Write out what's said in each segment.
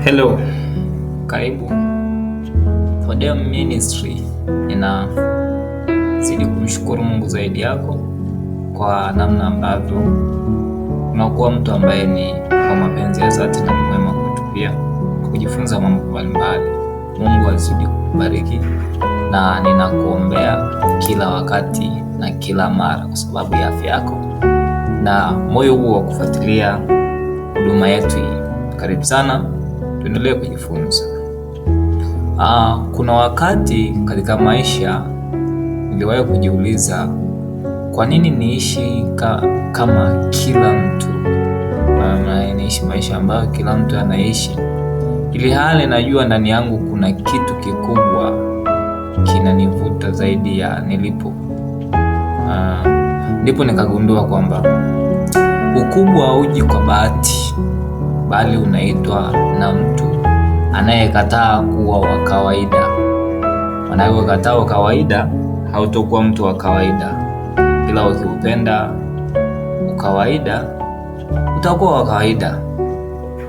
Hello, karibu Fodeum Ministry. Ninazidi kumshukuru Mungu zaidi yako kwa namna ambavyo unakuwa mtu ambaye ni kwa mapenzi ya dhati na mwema kwetu, pia kujifunza mambo mbalimbali. Mungu azidi kubariki na ninakuombea kila wakati na kila mara kwa sababu ya afya yako na moyo huo wa kufuatilia huduma yetu hii. Karibu sana, tuendelee kujifunza. Aa, ah, kuna wakati katika maisha niliwahi kujiuliza kwa nini niishi ka, kama kila mtu maana niishi maisha ambayo kila mtu anaishi, ili hali najua ndani yangu kuna kitu kikubwa kinanivuta zaidi ya nilipo. Aa, ah, ndipo nikagundua kwamba ukubwa hauji kwa bahati, bali unaitwa na mtu anayekataa kuwa wa kawaida. Anayekataa wa kawaida, hautokuwa mtu wa kawaida, ila ukiupenda ukawaida utakuwa wa kawaida.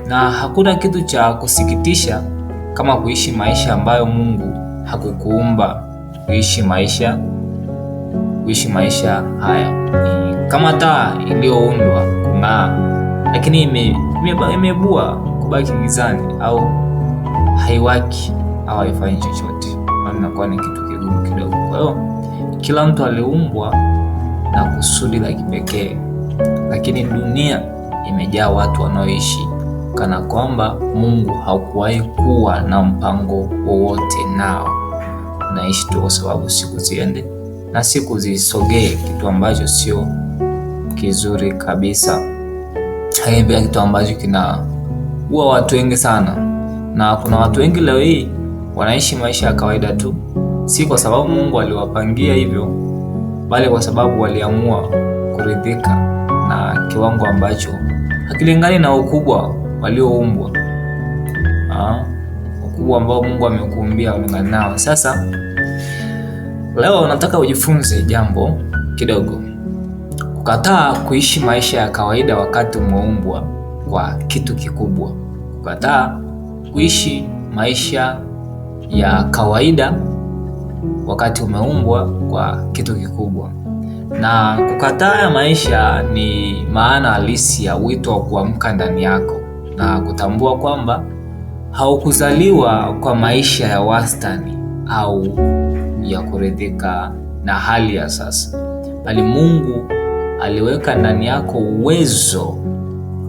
Na hakuna kitu cha kusikitisha kama kuishi maisha ambayo Mungu hakukuumba kuishi maisha kuishi maisha haya. Ni kama taa iliyoundwa kung'aa, lakini imebua ime, ime kubaki gizani, au haiwaki au haifanyi chochote, inakuwa ni kitu kigumu kidogo. Kwa hiyo kila mtu aliumbwa na kusudi la kipekee, lakini dunia imejaa watu wanaoishi kana kwamba Mungu hakuwahi kuwa na mpango wowote nao, naishi tu kwa sababu siku ziende na si kuzisogee kitu ambacho sio kizuri kabisa. Hii pia kitu ambacho kinaua watu wengi sana, na kuna watu wengi leo hii wanaishi maisha ya kawaida tu, si kwa sababu Mungu aliwapangia hivyo, bali kwa sababu waliamua kuridhika na kiwango ambacho hakilingani na ukubwa walioumbwa, ah, ukubwa ambao Mungu amekuumbia ulingani nao sasa Leo nataka ujifunze jambo kidogo: kukataa kuishi maisha ya kawaida wakati umeumbwa kwa kitu kikubwa. Kukataa kuishi maisha ya kawaida wakati umeumbwa kwa kitu kikubwa. Na kukataa ya maisha ni maana halisi ya wito wa kuamka ndani yako na kutambua kwamba haukuzaliwa kwa maisha ya wastani au ya kuridhika na hali ya sasa, bali Mungu aliweka ndani yako uwezo,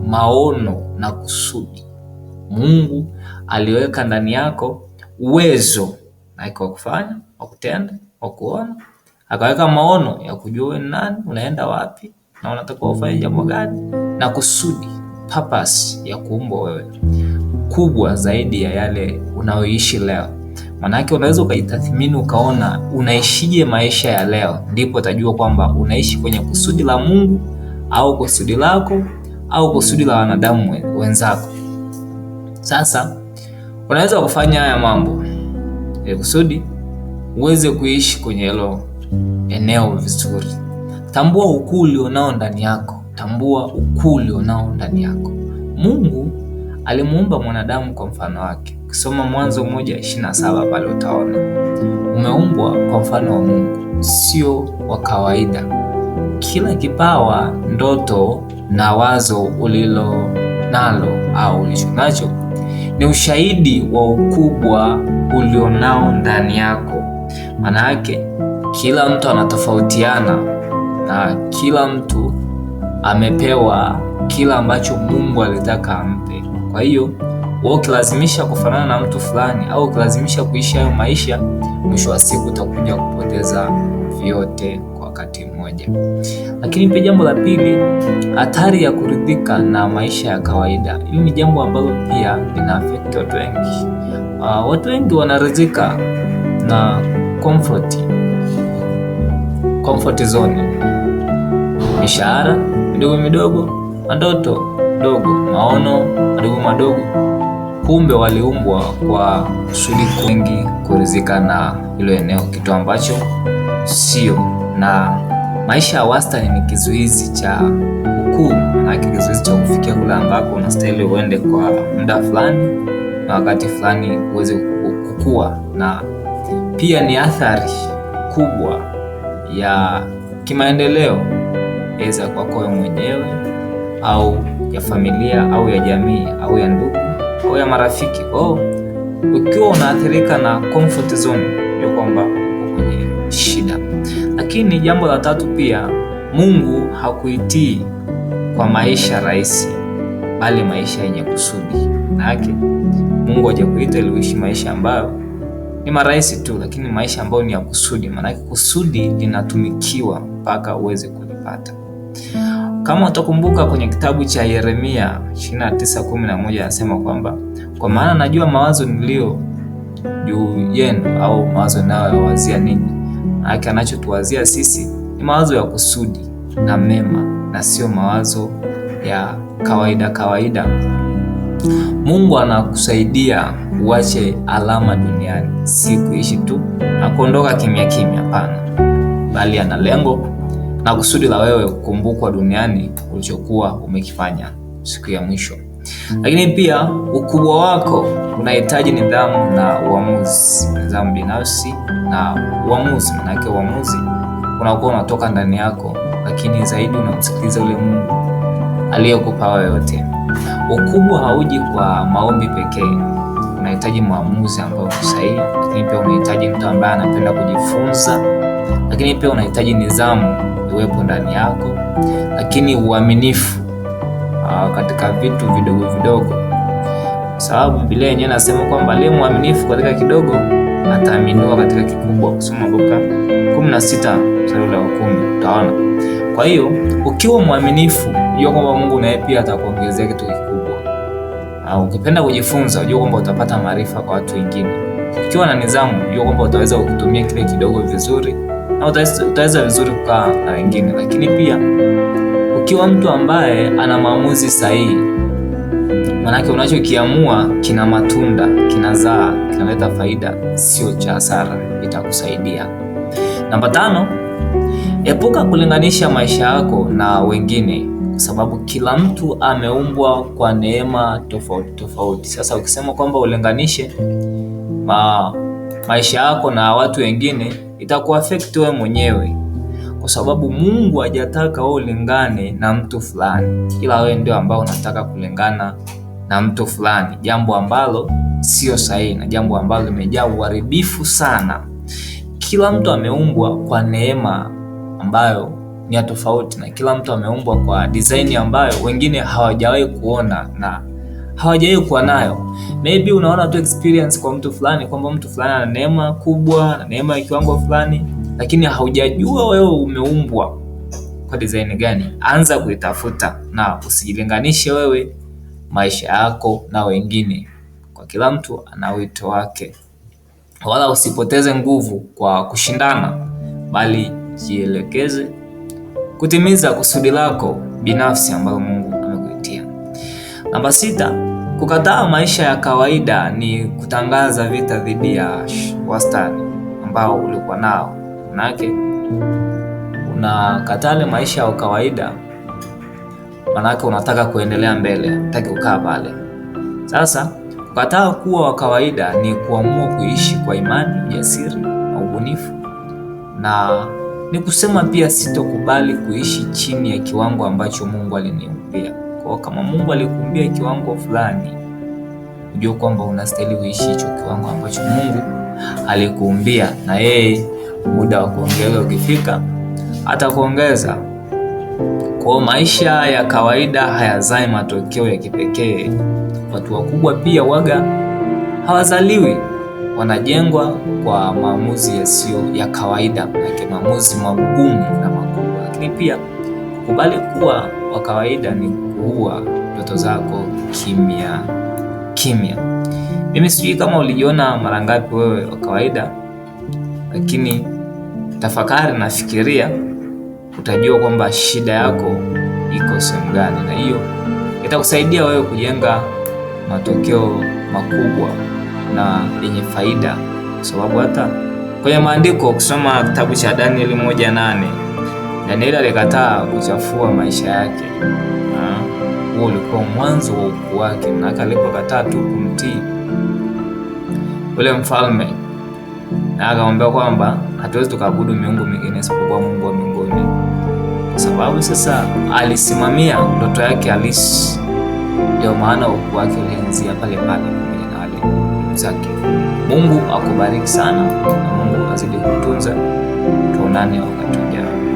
maono na kusudi. Mungu aliweka ndani yako uwezo naika wa kufanya, wa kutenda, wa kuona, akaweka maono ya kujua ni nani, unaenda wapi na unatakiwa ufanye jambo gani, na kusudi purpose ya kuumbwa wewe kubwa zaidi ya yale unayoishi leo. Manake unaweza ukajitathmini ukaona unaishije maisha ya leo, ndipo utajua kwamba unaishi kwenye kusudi la Mungu au kusudi lako au kusudi la wanadamu wenzako. Sasa unaweza kufanya haya mambo e, kusudi uweze kuishi kwenye hilo eneo vizuri. Tambua ukuu ulionao ndani yako, tambua ukuu ulionao ndani yako. Mungu alimuumba mwanadamu kwa mfano wake. Ukisoma Mwanzo moja ishirini na saba pale utaona umeumbwa kwa mfano wa Mungu, sio wa kawaida. Kila kipawa, ndoto na wazo ulilo nalo au nacho ni ushahidi wa ukubwa ulionao ndani yako. Maana yake kila mtu anatofautiana na kila mtu amepewa kila ambacho Mungu alitaka ampe. Kwa hiyo wewe ukilazimisha kufanana na mtu fulani au ukilazimisha kuishi hayo maisha, mwisho wa siku utakuja kupoteza vyote kwa wakati mmoja. Lakini pia jambo la pili, hatari ya kuridhika na maisha ya kawaida. Hili ni jambo ambalo pia lina affect watu wengi. Uh, watu wengi wanaridhika na comfort, comfort zone, mishahara midogo midogo, ndoto ndogo, maono madogo madogo kumbe waliumbwa kwa kusudi kwingi kuridhika na hilo eneo, kitu ambacho sio. Na maisha ya wastani ni kizuizi cha ukuu na kizuizi cha kufikia kule ambako unastahili uende kwa muda fulani na wakati fulani uweze kukua, na pia ni athari kubwa ya kimaendeleo eza kwako mwenyewe au ya familia au ya jamii au ya ndugu au ya marafiki. Kwa hiyo oh, ukiwa unaathirika na comfort zone, ndio kwamba uko kwenye shida. Lakini jambo la tatu pia, Mungu hakuitii kwa maisha rahisi, bali maisha yenye kusudi. Maanake Mungu hajakuita ili uishi maisha ambayo ni marahisi tu, lakini maisha ambayo ni ya kusudi. Maanake kusudi linatumikiwa mpaka uweze kulipata. Kama utakumbuka kwenye kitabu cha Yeremia 29:11 anasema kwamba kwa maana najua mawazo niliyo juu yenu, au mawazo ninayowazia ninyi. Haki anachotuwazia sisi ni mawazo ya kusudi na mema, na sio mawazo ya kawaida kawaida. Mungu anakusaidia uache alama duniani, si kuishi tu na kuondoka kimya kimya. Hapana, bali ana lengo na kusudi la wewe kukumbukwa duniani ulichokuwa umekifanya siku ya mwisho. Lakini pia ukubwa wako unahitaji nidhamu na uamuzi, nidhamu binafsi na uamuzi. Manake uamuzi unakuwa unatoka ndani yako, lakini zaidi unamsikiliza ule Mungu aliyokupa wewe yote. Ukubwa hauji kwa maombi pekee, unahitaji maamuzi ambayo ni sahihi, lakini pia unahitaji mtu ambaye anapenda kujifunza, lakini pia unahitaji nidhamu kuwepo ndani yako, lakini uaminifu uh, katika vitu vidogo vidogo, sababu Biblia yenyewe nasema kwamba aliye mwaminifu katika kidogo ataaminiwa katika kikubwa. Kusoma Luka 16 mstari wa 10 utaona. Kwa hiyo ukiwa mwaminifu, jua kwamba Mungu naye pia atakuongezea kitu kikubwa. Au ah, ukipenda kujifunza, jua kwamba utapata maarifa kwa watu wengine. Ukiwa na nidhamu, jua kwamba utaweza kutumia kile kidogo vizuri na utaweza vizuri kukaa na wengine, lakini pia ukiwa mtu ambaye ana maamuzi sahihi, manake unachokiamua kina matunda, kinazaa, kinaleta faida, sio cha hasara, itakusaidia. Namba tano, epuka kulinganisha maisha yako na wengine kwa sababu kila mtu ameumbwa kwa neema tofauti tofauti. Sasa ukisema kwamba ulinganishe ma maisha yako na watu wengine itakuaffect wewe mwenyewe, kwa sababu Mungu hajataka wewe ulingane na mtu fulani, ila wewe ndio ambao unataka kulingana na mtu fulani, jambo ambalo sio sahihi na jambo ambalo limejaa uharibifu sana. Kila mtu ameumbwa kwa neema ambayo ni ya tofauti, na kila mtu ameumbwa kwa design ambayo wengine hawajawahi kuona na hawajawahi kuwa nayo. Maybe unaona tu experience kwa mtu fulani kwamba mtu fulani ana neema kubwa na neema ya kiwango fulani, lakini haujajua wewe umeumbwa kwa design gani. Anza kuitafuta na usijilinganishe wewe maisha yako na wengine. Kwa kila mtu ana wito wake, wala usipoteze nguvu kwa kushindana, bali jielekeze kutimiza kusudi lako binafsi ambalo Namba sita, kukataa maisha ya kawaida ni kutangaza vita dhidi ya wastani ambao ulikuwa nao. Manake unakatale maisha ya kawaida, manake unataka kuendelea mbele, unataka kukaa pale. Sasa kukataa kuwa wa kawaida ni kuamua kuishi kwa imani, ujasiri na ubunifu, na ni kusema pia sitokubali kuishi chini ya kiwango ambacho Mungu aliniumbia. Kwa kama Mungu alikuumbia kiwango fulani, ujue kwamba unastahili uishi hicho kiwango ambacho Mungu alikuumbia, na yeye muda wa kuongeza ukifika atakuongeza. Kwa maisha ya kawaida hayazai matokeo ya kipekee. Watu wakubwa pia waga hawazaliwi, wanajengwa kwa maamuzi yasiyo ya kawaida, manake maamuzi magumu na makubwa, lakini pia Kukubali kuwa wa kawaida ni kuua ndoto zako kimya kimya. Mimi sijui kama ulijiona mara ngapi wewe wa kawaida, lakini tafakari na fikiria, utajua kwamba shida yako iko sehemu gani, na hiyo itakusaidia wewe kujenga matokeo makubwa na yenye faida, kwa sababu hata kwenye maandiko kusoma kitabu cha Danieli moja nane Danieli alikataa kuchafua maisha yake. Huo ulikuwa mwanzo wa ukuu wake, manake alipokataa tu kumtii ule mfalme, na akamwambia kwamba hatuwezi tukaabudu miungu mingine isipokuwa Mungu wa mbinguni, kwa sababu sasa alisimamia ndoto yake halisi. Ndio maana ukuu wake ulianzia pale pale pamoja na wale zake. Mungu akubariki sana na Mungu azidi kutunza. Tuonane wakati ujao.